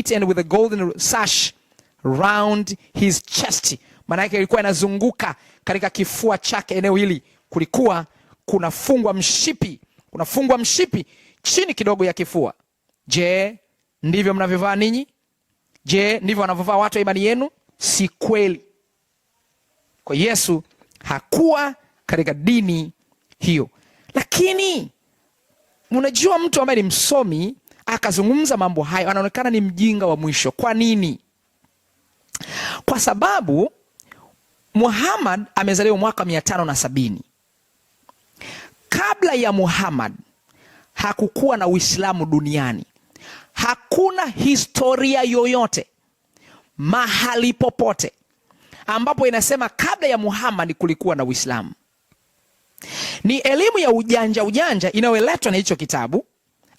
feet and with a golden sash round his chest, maana ilikuwa inazunguka katika kifua chake. Eneo hili kulikuwa kunafungwa mshipi, kunafungwa mshipi chini kidogo ya kifua. Je, ndivyo mnavyovaa ninyi? Je, ndivyo wanavyovaa watu wa imani yenu? Si kweli. Kwa Yesu hakuwa katika dini hiyo, lakini unajua mtu ambaye ni msomi akazungumza mambo hayo, anaonekana ni mjinga wa mwisho. Kwa nini? Kwa sababu Muhammad amezaliwa mwaka mia tano na sabini. Kabla ya Muhammad hakukuwa na Uislamu duniani. Hakuna historia yoyote mahali popote ambapo inasema kabla ya Muhammad kulikuwa na Uislamu. Ni elimu ya ujanja ujanja inayoletwa na hicho kitabu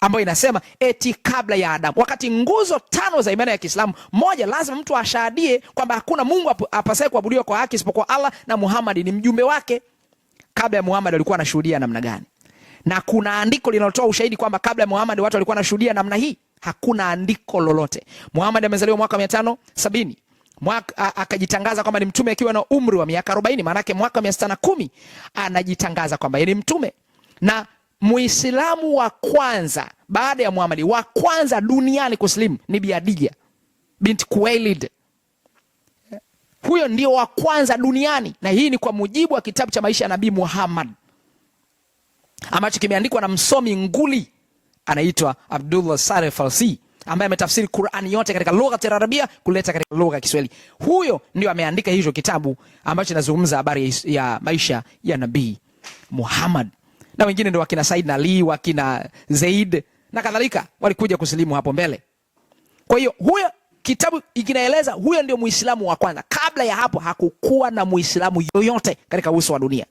ambayo inasema eti kabla ya Adamu. Wakati nguzo tano za imani ya Kiislamu, moja, lazima mtu ashahadie kwamba hakuna Mungu apasaye kuabudiwa kwa haki isipokuwa Allah na Muhammad ni mjumbe wake. Kabla ya Muhammad alikuwa anashuhudia namna gani? Na kuna andiko linalotoa ushahidi kwamba kabla ya Muhammad watu walikuwa wanashuhudia namna hii? Hakuna andiko lolote. Muhammad amezaliwa mwaka tano sabini mwaka akajitangaza kwamba ni mtume akiwa na umri wa miaka 40, maana yake mwaka 610 anajitangaza kwamba yeye ni mtume na Muislamu wa kwanza baada ya Muhamadi wa kwanza duniani kuslim ni Biadija binti Kuwailid. Huyo ndio wa kwanza duniani, na hii ni kwa mujibu wa kitabu cha maisha ya Nabii Muhammad ambacho kimeandikwa na msomi nguli anaitwa Abdullah Sare Farsi ambaye ametafsiri Qur'ani yote katika lugha ya Arabia kuleta katika lugha ya Kiswahili. Huyo ndio ameandika hicho kitabu ambacho inazungumza habari ya maisha ya Nabii Muhammad na wengine ndio wakina Said na Ali, wakina Zaid na kadhalika, walikuja kusilimu hapo mbele. Kwa hiyo huyo kitabu kinaeleza huyo ndio Muislamu wa kwanza. Kabla ya hapo hakukuwa na Muislamu yoyote katika uso wa dunia,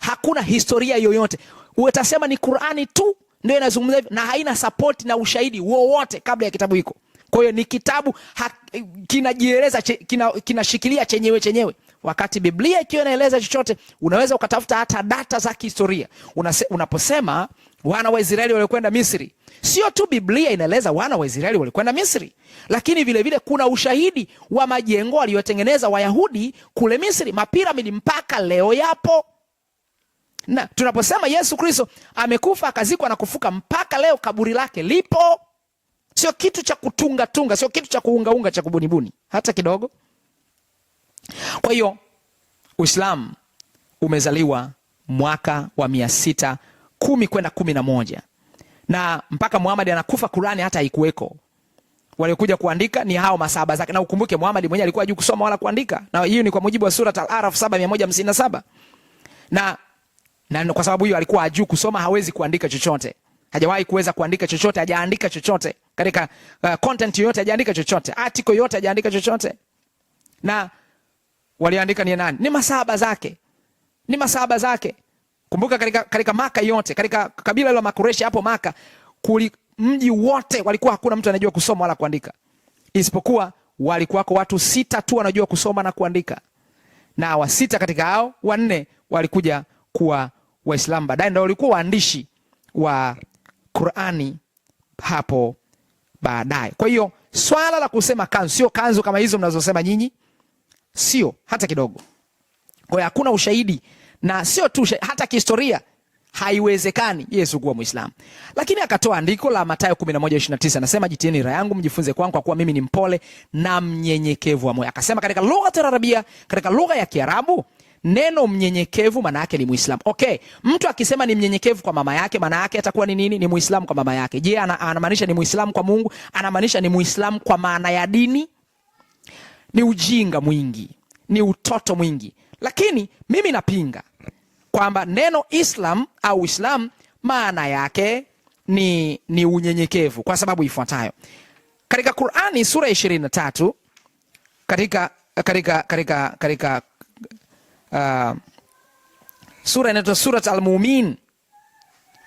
hakuna historia yoyote. Utasema ni Qur'ani tu ndio inazungumza hivyo, na haina support na ushahidi wowote kabla ya kitabu hiko. Kwa hiyo ni kitabu kinajieleza, kinashikilia kina chenyewe chenyewe. Wakati Biblia ikiwa inaeleza chochote, unaweza ukatafuta hata data za kihistoria. Unaposema wana wa Israeli walikwenda Misri, sio tu Biblia inaeleza wana wa Israeli walikwenda Misri, lakini vilevile vile kuna ushahidi wa majengo waliyotengeneza Wayahudi kule Misri. Mapiramidi mpaka leo yapo na tunaposema Yesu Kristo amekufa akazikwa na kufuka, mpaka leo kaburi lake lipo. Sio kitu cha kutungatunga, sio kitu cha kuungaunga cha kubunibuni hata kidogo. Kwa hiyo Uislamu umezaliwa mwaka wa mia sita kumi kwenda kumi na moja na mpaka Muhammad anakufa Qurani hata haikuweko. Waliokuja kuandika ni hao masaba zake, na ukumbuke Muhammad mwenyewe alikuwa hajui kusoma wala kuandika, na hiyo ni kwa mujibu wa sura Al-Araf 7:157 na na kwa sababu hiyo alikuwa hajui kusoma, hawezi kuandika chochote, hajawahi kuweza kuandika chochote, hajaandika chochote katika uh, content yoyote, hajaandika chochote, article yoyote, hajaandika chochote na waliandika ni nani? Ni masaba zake, ni masaba zake. Kumbuka katika, katika Maka yote katika kabila la Makureshi hapo Maka kuli mji wote walikuwa hakuna mtu anajua kusoma wala kuandika isipokuwa walikuwako watu sita tu wanajua kusoma na kuandika, na wa sita katika hao wanne walikuja kuwa Waislamu baadaye, ndio walikuwa waandishi wa Qurani hapo baadaye. Kwa hiyo swala la kusema kanzu, sio kanzu kama hizo mnazosema nyinyi. Sio hata kidogo. Kwa hiyo hakuna ushahidi, na sio tu hata kihistoria haiwezekani Yesu kuwa Muislamu. Lakini akatoa andiko la Mathayo 11:29 anasema, jitieni nira yangu mjifunze kwangu, kwa kuwa mimi ni mpole na mnyenyekevu wa moyo. Akasema katika lugha ya Arabia, katika lugha ya Kiarabu neno mnyenyekevu maana yake ni Muislamu. Okay, mtu akisema ni mnyenyekevu kwa mama yake, maana yake atakuwa ni nini? Ni Muislamu kwa mama yake. Je, anamaanisha ni Muislamu kwa Mungu? Anamaanisha ni Muislamu kwa maana ya dini? ni ujinga mwingi, ni utoto mwingi. Lakini mimi napinga kwamba neno Islam au Islam maana yake ni, ni unyenyekevu kwa sababu ifuatayo katika Qurani sura ya ishirini na tatu katika katika katika katika uh, sura inaitwa Surat Almumin,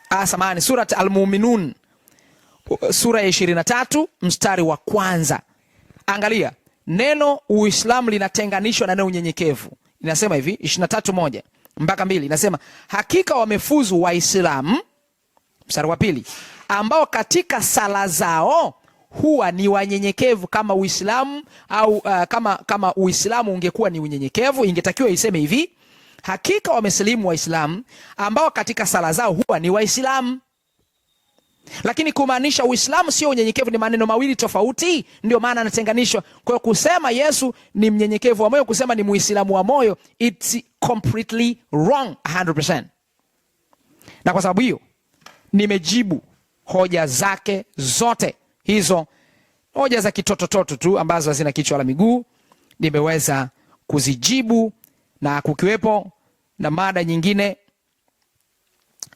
ah, samani Surat Almuminun, sura ya ishirini na tatu mstari wa kwanza. Angalia Neno Uislamu linatenganishwa na neno unyenyekevu. Inasema hivi ishirina tatu moja mpaka mbili inasema hakika wamefuzu Waislamu, mstari wa pili, ambao katika sala zao huwa ni wanyenyekevu kama Uislamu au uh, kama kama Uislamu ungekuwa ni unyenyekevu, ingetakiwa iseme hivi hakika wamesilimu Waislamu ambao katika sala zao huwa ni Waislamu. Lakini kumaanisha Uislamu sio unyenyekevu, ni maneno mawili tofauti, ndio maana anatenganishwa. Kwa hiyo kusema Yesu ni mnyenyekevu wa moyo, kusema ni Muislamu wa moyo, it's completely wrong 100%. Na kwa sababu hiyo nimejibu hoja zake zote hizo, hoja za kitotototo tu ambazo hazina kichwa la miguu, nimeweza kuzijibu na kukiwepo na mada nyingine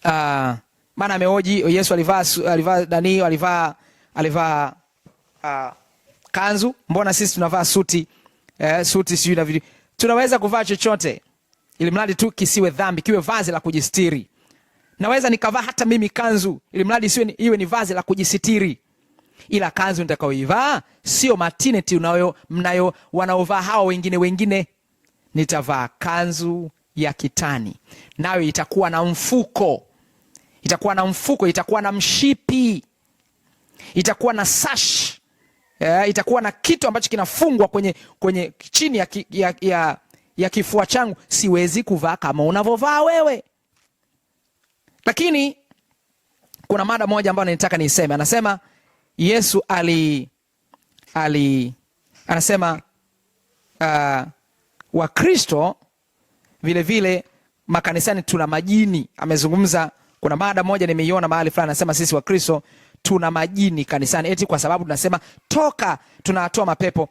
uh, maana ameoji Yesu alivaa alivaa nani alivaa alivaa uh, kanzu, mbona sisi tunavaa suti eh, suti sijui na vitu. Tunaweza kuvaa chochote ili mradi tu kisiwe dhambi, kiwe vazi la kujistiri. Naweza nikavaa hata mimi kanzu ili mradi siwe iwe ni vazi la kujisitiri, ila kanzu nitakayoivaa sio matineti unayo mnayo wanaovaa hawa wengine wengine. Nitavaa kanzu ya kitani, nayo itakuwa na mfuko itakuwa na mfuko, itakuwa na mshipi, itakuwa na sash, yeah, itakuwa na kitu ambacho kinafungwa kwenye, kwenye chini ya, ki, ya, ya, ya kifua changu. Siwezi kuvaa kama unavyovaa wewe, lakini kuna mada moja ambayo nitaka niiseme. Anasema Yesu ali, ali anasema uh, Wakristo vilevile makanisani tuna majini. Amezungumza kuna mada moja nimeiona mahali fulani, anasema sisi Wakristo tuna majini kanisani, eti kwa sababu tunasema toka, tunatoa mapepo.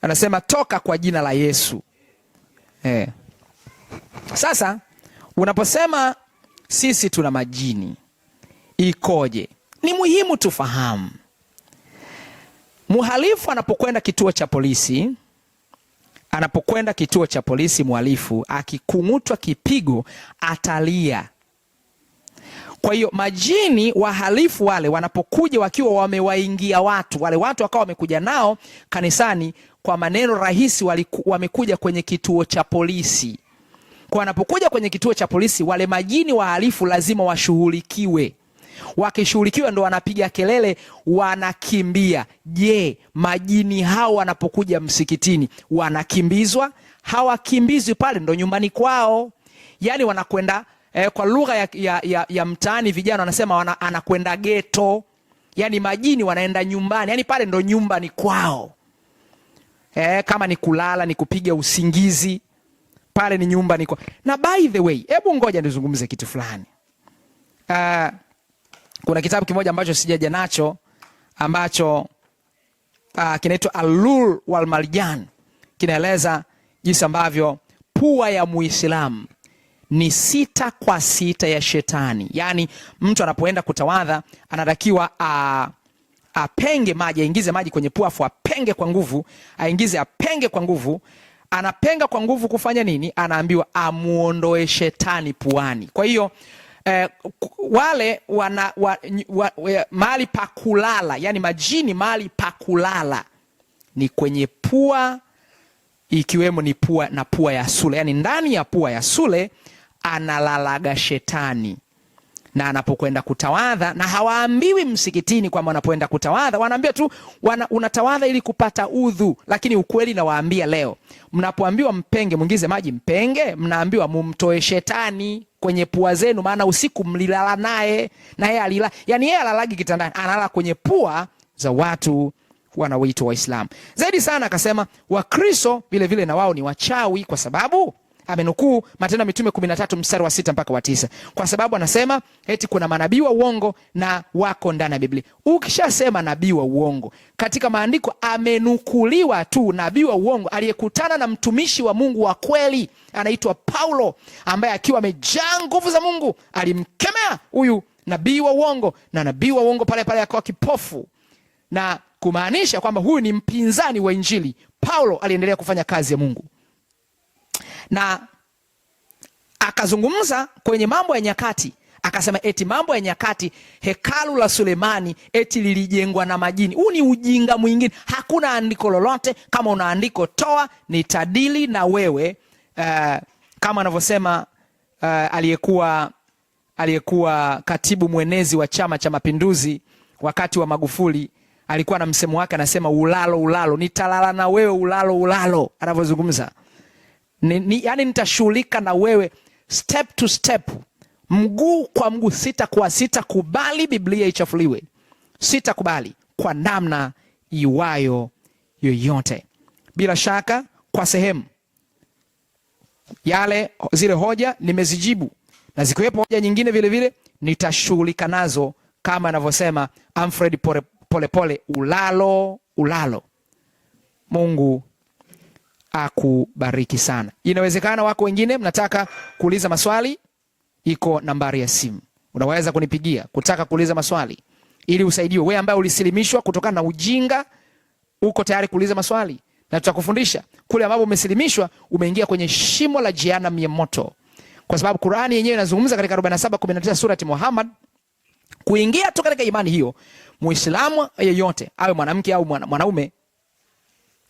Anasema toka kwa jina la Yesu eh. Sasa unaposema sisi tuna majini ikoje? Ni muhimu tufahamu, muhalifu anapokwenda kituo cha polisi anapokwenda kituo cha polisi mhalifu akikung'utwa kipigo atalia, kwa hiyo majini wahalifu wale wanapokuja wakiwa wamewaingia watu wale, watu wakawa wamekuja nao kanisani, kwa maneno rahisi wamekuja kwenye kituo cha polisi. Kwa wanapokuja kwenye kituo cha polisi, wale majini wahalifu lazima washughulikiwe. Wakishughulikiwa ndo wanapiga kelele, wanakimbia. Je, majini hao wanapokuja msikitini wanakimbizwa? Hawakimbizwi, pale ndo nyumbani kwao, yaani wanakwenda eh, kwa lugha ya, ya, ya, ya mtaani vijana wanasema wana, anakwenda geto, yani majini wanaenda nyumbani, yani pale ndo nyumba ni kwao eh, kama ni kulala ni kupiga usingizi pale ni nyumba ni kwao. Na by the way, hebu ngoja nizungumze kitu fulani. Uh, kuna kitabu kimoja ambacho sijaja nacho ambacho uh, kinaitwa Alul wal Marjan, kinaeleza jinsi ambavyo pua ya Muislamu ni sita kwa sita ya shetani. Yaani mtu anapoenda kutawadha anatakiwa a, apenge maji, aingize maji kwenye pua afu apenge kwa nguvu, aingize apenge kwa nguvu. Anapenga kwa nguvu kufanya nini? Anaambiwa amuondoe shetani puani. Kwa hiyo eh, wale wana, wa, wa, wa, mahali pa kulala yani majini mahali pa kulala ni kwenye pua ikiwemo ni pua na pua ya sule, yani ndani ya pua ya sule analalaga shetani na anapokwenda kutawadha, na hawaambiwi msikitini kwamba wanapoenda kutawadha, wanaambiwa tu wana, unatawadha ili kupata udhu. Lakini ukweli nawaambia leo, mnapoambiwa mpenge mwingize maji mpenge, mnaambiwa mumtoe shetani kwenye pua zenu, maana usiku mlilala naye na yeye alila, yani yeye alalagi kitandani, analala kwenye pua za watu wanaoitwa Waislamu. Zaidi sana akasema Wakristo vilevile na wao ni wachawi kwa sababu amenukuu Matendo ya Mitume 13 mstari wa sita mpaka wa tisa, kwa sababu anasema eti kuna manabii wa uongo na wako ndani ya Biblia. Ukishasema nabii wa uongo katika maandiko, amenukuliwa tu nabii wa uongo aliyekutana na mtumishi wa Mungu wa kweli anaitwa Paulo, ambaye akiwa amejaa nguvu za Mungu alimkemea huyu nabii wa uongo, na nabii wa uongo pale pale akawa kipofu na kumaanisha kwamba huyu ni mpinzani wa Injili. Paulo aliendelea kufanya kazi ya Mungu na akazungumza kwenye Mambo ya Nyakati akasema eti Mambo ya Nyakati hekalu la Sulemani eti lilijengwa na majini. Huu ni ujinga mwingine, hakuna andiko lolote. Kama una andiko toa, nitadili na wewe uh, kama anavyosema uh, aliyekuwa aliyekuwa katibu mwenezi wa Chama cha Mapinduzi wakati wa Magufuli alikuwa na msemo wake, anasema ulalo ulalo, nitalala na wewe ulalo ulalo, anavyozungumza ni, ni, yani nitashughulika na wewe step to step, mguu kwa mguu, sitakuwa sitakubali Biblia ichafuliwe, sitakubali kwa namna iwayo yoyote. Bila shaka kwa sehemu yale zile hoja nimezijibu, na zikiwepo hoja nyingine vilevile nitashughulika nazo, kama anavyosema Alfred Polepole, ulalo ulalo. Mungu akubariki sana. Inawezekana wako wengine mnataka kuuliza maswali, iko nambari ya simu, unaweza kunipigia kutaka kuuliza maswali ili usaidiwe. Wewe ambaye ulisilimishwa kutokana na ujinga, uko tayari kuuliza maswali na tutakufundisha. Kule ambapo umesilimishwa, umeingia kwenye shimo la jehanamu ya moto, kwa sababu Qur'ani yenyewe inazungumza katika 47:19 surati Muhammad kuingia tu katika imani hiyo, Muislamu yeyote awe mwanamke au mwanaume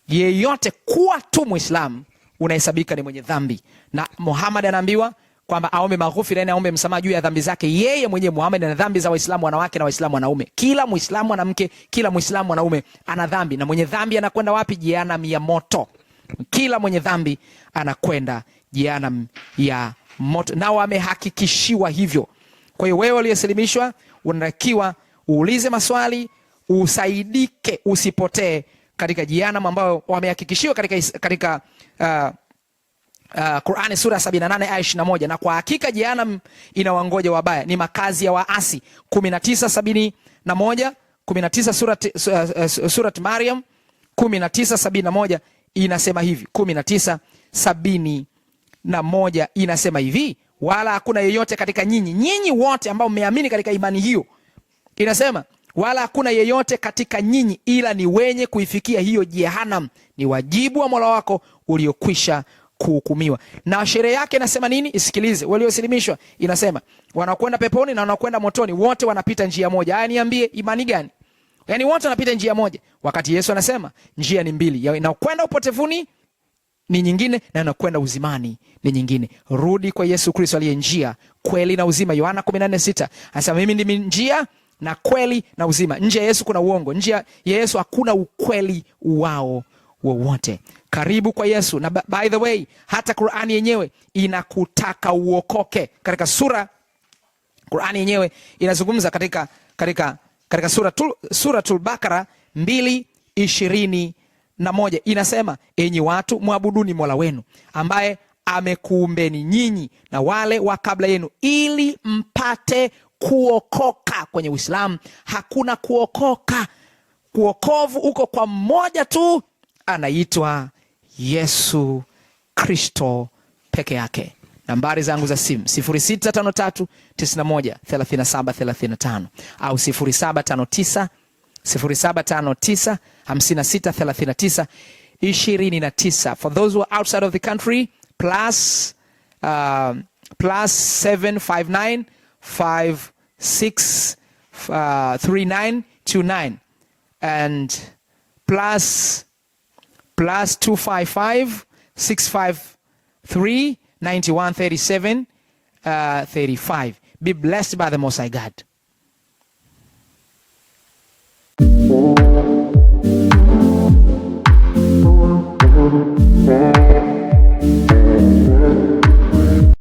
yeyote kuwa tu Muislamu unahesabika ni mwenye dhambi, na Muhammad anaambiwa kwamba aombe maghufira, yani aombe msamaha juu ya dhambi zake yeye mwenyewe Muhammad, na dhambi za Waislamu wanawake na Waislamu wanaume. Kila Muislamu mwanamke, kila Muislamu mwanaume ana dhambi, na mwenye dhambi anakwenda wapi? Jehanamu ya moto. Kila mwenye dhambi anakwenda jehanamu ya moto, na wamehakikishiwa hivyo. Kwa hiyo wewe uliyeslimishwa unatakiwa uulize maswali, usaidike, usipotee katika jehanamu ambayo wamehakikishiwa katika, katika uh, uh, Qur'ani sura 78 aya 21, na kwa hakika jehanamu inawangoja wabaya, ni makazi ya waasi. 19 71 19 surati, uh, uh surati Maryam 1971 inasema hivi 1971 inasema hivi, wala hakuna yeyote katika nyinyi nyinyi wote ambao mmeamini katika imani hiyo, inasema wala hakuna yeyote katika nyinyi ila ni wenye kuifikia hiyo jehanam. Ni wajibu wa Mola wako uliokwisha kuhukumiwa. Na sherehe yake inasema nini? Isikilize, waliosilimishwa inasema wanakwenda peponi na wanakwenda motoni, wote wanapita njia moja. Haya, niambie, imani gani? Yani wote wanapita njia moja, wakati Yesu anasema njia ni mbili, inakwenda upotevuni ni nyingine na inakwenda uzimani ni nyingine. Rudi kwa Yesu Kristo aliye njia, kweli na uzima. Yohana 14:6 anasema mimi ndimi njia na kweli na uzima. Nje ya Yesu kuna uongo, nje ya Yesu hakuna ukweli wao wowote. Karibu kwa Yesu. Na by the way, hata Qurani yenyewe inakutaka uokoke katika sura, Qurani yenyewe inazungumza katika, katika, katika Suratul sura Bakara mbili ishirini na moja inasema, enyi watu mwabuduni mola wenu ambaye amekuumbeni nyinyi na wale wa kabla yenu ili mpate kuokoka. Kwenye Uislamu hakuna kuokoka, kuokovu uko kwa mmoja tu, anaitwa Yesu Kristo peke yake. Nambari zangu za simu sifuri sita tano tatu tisina moja thelathina saba thelathina tano au sifuri sifuri saba saba tano tano tisa tisa hamsina sita thelathina tisa ishirini na tisa for those who are outside of the country plus, uh, plus seven five nine five six uh, three nine two nine and plus plus two five five six five three ninety one thirty seven uh, thirty five. Be blessed by the Most High God.